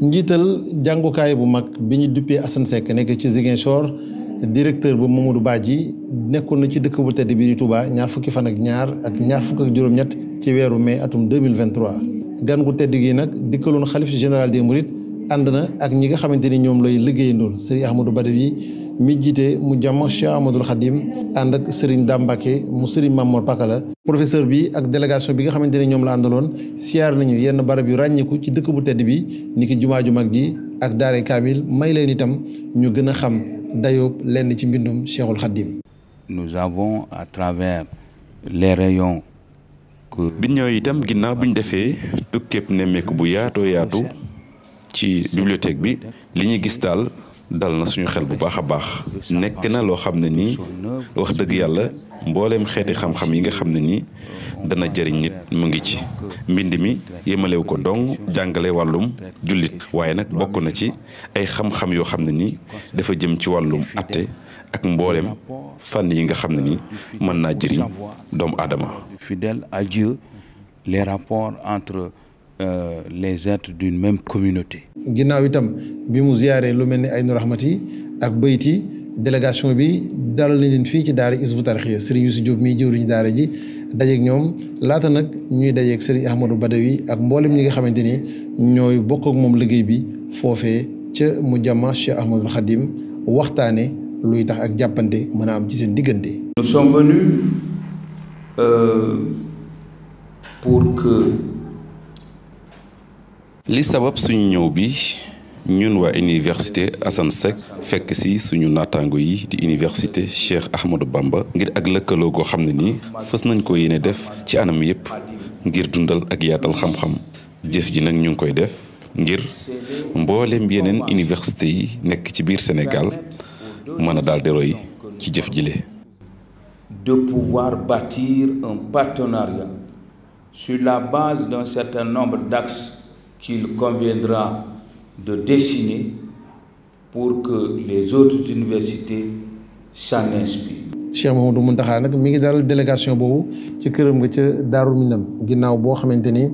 njiital jàngukaay bu mag bi ñu duppee Assane Seck nekk ci Ziguinchor directeur bu Mamadou Badji nekkoon na ci dëkk bu tedd bi di Touba ñaar fukki fan ak ñaar ak ñaar fukk ak juróom-ñett ci weeru mai atum 2023 gan gu tedd gi nag dikkaloon xalif général des Mourides ànd na ak ñi nga xamante ni ñoom lay liggéeyandoon liggéeyandool Serigne Ahmadou Badawi mi jiite mu jàmm Cheikh Ahmadul Khadim ànd ak Serigne Dambake mu Serigne Mamour la professeur bi ak délégation bi nga xamante ne ñoom la àndaloon siyaar nañu yenn barab yu ràññiku ci dëkk bu tedd bi niki jumaa ju mag ji ak daare kaamil may leen itam ñu gën a xam dayoob lenn ci mbindum Cheikhul Khadim. nous avons à travers les rayons. bi ñëw itam ginnaaw bi ñu defee tukkeeb nemmeeku bu yaatoo yaatu ci bibliothèque bi li ñu gis daal dal na suñu xel bu baax a baax nekk na loo xam ne nii wax dëgg yàlla mbooleem xeeti xam-xam yi nga xam ne nii dana jëriñ nit mu ngi ci mbind mi yemalew ko dong jàngale wàllum jullit waaye nag bokk na ci ay xam-xam yoo xam ne nii dafa jëm ci wàllum atte ak mbooleem fànn yi nga xam ne nii mën naa jëriñ doomu aadama fidèle à Dieu les rapports entre Euh, les êtres d'une même communauté. ginnaaw itam bi mu ziyaaree lu mel ni ay nu raxmat yi ak bayit yi délégation bi dalal na leen fii ci daara Hizbut Tarqiyyah Serigne Youssou Diop mii jëwriñu daara ji dajeek ñoom laata nag ñuy dajeeg Serigne Ahmadou Badawi ak mboolem ñi nga xamante ni ñooy bokk moom liggéey bi foofee ca mu jàmma Cheikh Ahmadul Khadim waxtaane luy tax ak jàppante mën a am ci seen diggante. li sabab suñu ñëw bi ñun waa université Assane Seck fekk si suñu naataango yi di université Cheikh Ahmadou Bamba ngir ak lëkkaloo goo xam ne ni fës nañ ko yéene def ci anam yépp ngir dundal ak yaatal xam-xam jëf ji nag ñu ngi koy def ngir mboolem yeneen université yi nekk ci biir senegal mën a daal di roy ci jëf jile de pouvoir la base d'un certain nombre qu'il conviendra de dessiner pour que les autres universités s'en inspirent. Cheikh Mouhamadou Mountakha nag mi ngi dalal délégation boobu ci këram nga ca Daaru Minam ginnaaw boo xamante ni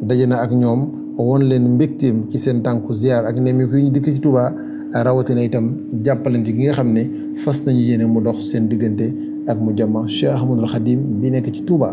daje na ak ñoom won leen mbégteem ci seen tànku ziar ak nemmeeku yi ñu dikk ci Touba rawatina itam jàppalante gi nga xam ne fas nañu yéene mu dox seen diggante ak mu jàmm Cheikh Ahmadoul Khadim bi nekk ci Touba.